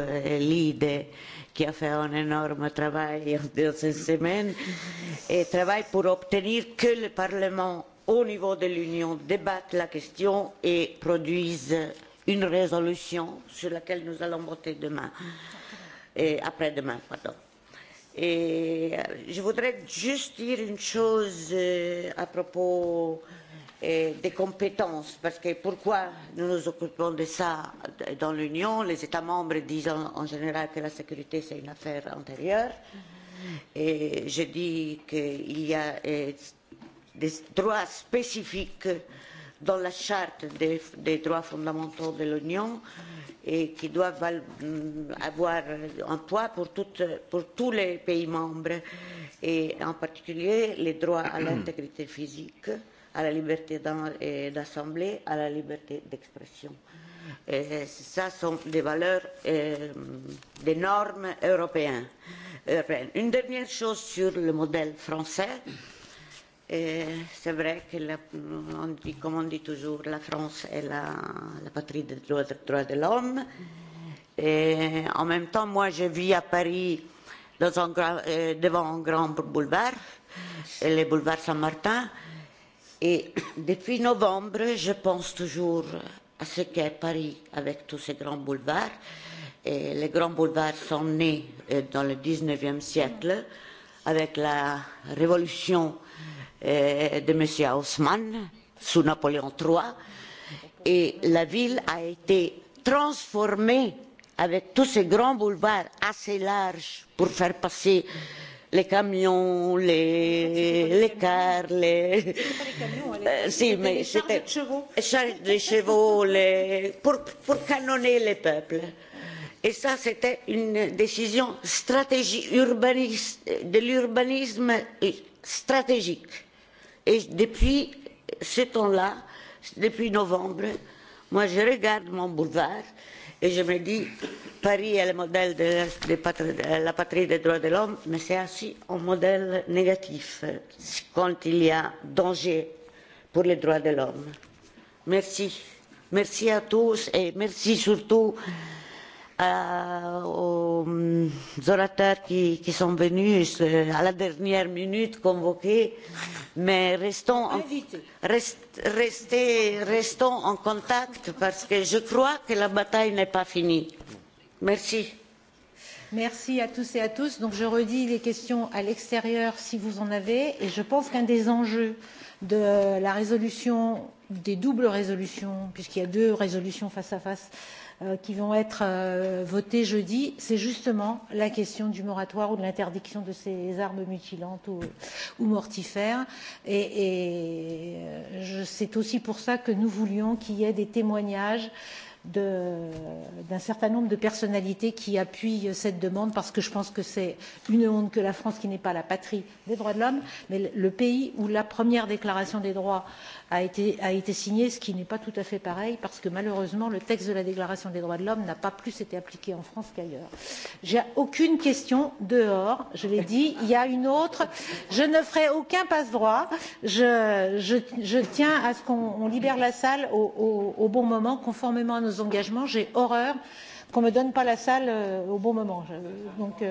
LIDE qui a fait un énorme travail dans ces semaines et travaille pour obtenir que le Parlement au niveau de l'Union débatte la question et produise une résolution sur laquelle nous allons voter demain et après demain pardon. Et je voudrais juste dire une chose à propos des compétences parce que pourquoi nous nous occupons de ça dans l'union les états membres disent en général que la sécurité c'est une affaire antérieure et je dis qu'il y a des droits spécifiques dans la charte des droits fondamentaux de l'union et qui doivent avoir un poids pour tous les pays membres et en particulier les droits à l'intégrité physique à la liberté d'assemblée, à la liberté d'expression. Ça sont des valeurs, des normes européennes. Une dernière chose sur le modèle français. C'est vrai que, comme on dit toujours, la France est la patrie des droits de l'homme. En même temps, moi, je vis à Paris devant un grand boulevard, le boulevard Saint-Martin Et depuis novembre, je pense toujours à ce qu'est Paris avec tous ces grands boulevards. Et les grands boulevards sont nés dans le 19e siècle avec la révolution de M. Haussmann sous Napoléon III. Et la ville a été transformée avec tous ces grands boulevards assez larges pour faire passer les camions, les, les cars, les... Si, mais c'était... Charge de chevaux, les... pour, pour canonner les peuples. Et ça, c'était une décision stratégique, urbaniste, de l'urbanisme stratégique. Et depuis ce temps-là, depuis novembre, moi je regarde mon boulevard et je me dis Paris est le modèle de la patrie des droits de l'homme, mais c'est aussi un modèle négatif quand il y a danger pour les droits de l'homme. Merci. Merci à tous et merci surtout aux orateurs qui sont venus à la dernière minute convoqués, mais restons en contact parce que je crois que la bataille n'est pas finie. Merci. Merci à tous et à tous. Donc je redis les questions à l'extérieur si vous en avez. Et je pense qu'un des enjeux de la résolution, des doubles résolutions, puisqu'il y a deux résolutions face à face, qui vont être votées jeudi, c'est justement la question du moratoire ou de l'interdiction de ces armes mutilantes ou mortifères. Et c'est aussi pour ça que nous voulions qu'il y ait des témoignages d'un certain nombre de personnalités qui appuient cette demande parce que je pense que c'est une honte que la France, qui n'est pas la patrie des droits de l'homme, mais le pays où la première déclaration des droits a été signée, ce qui n'est pas tout à fait pareil parce que malheureusement le texte de la déclaration des droits de l'homme n'a pas plus été appliqué en France qu'ailleurs. J'ai aucune question dehors, je l'ai dit, il y a une autre. Je ne ferai aucun passe-droit. Je tiens à ce qu'on libère la salle au bon moment, conformément à nos engagements. J'ai horreur qu'on ne me donne pas la salle au bon moment. Donc,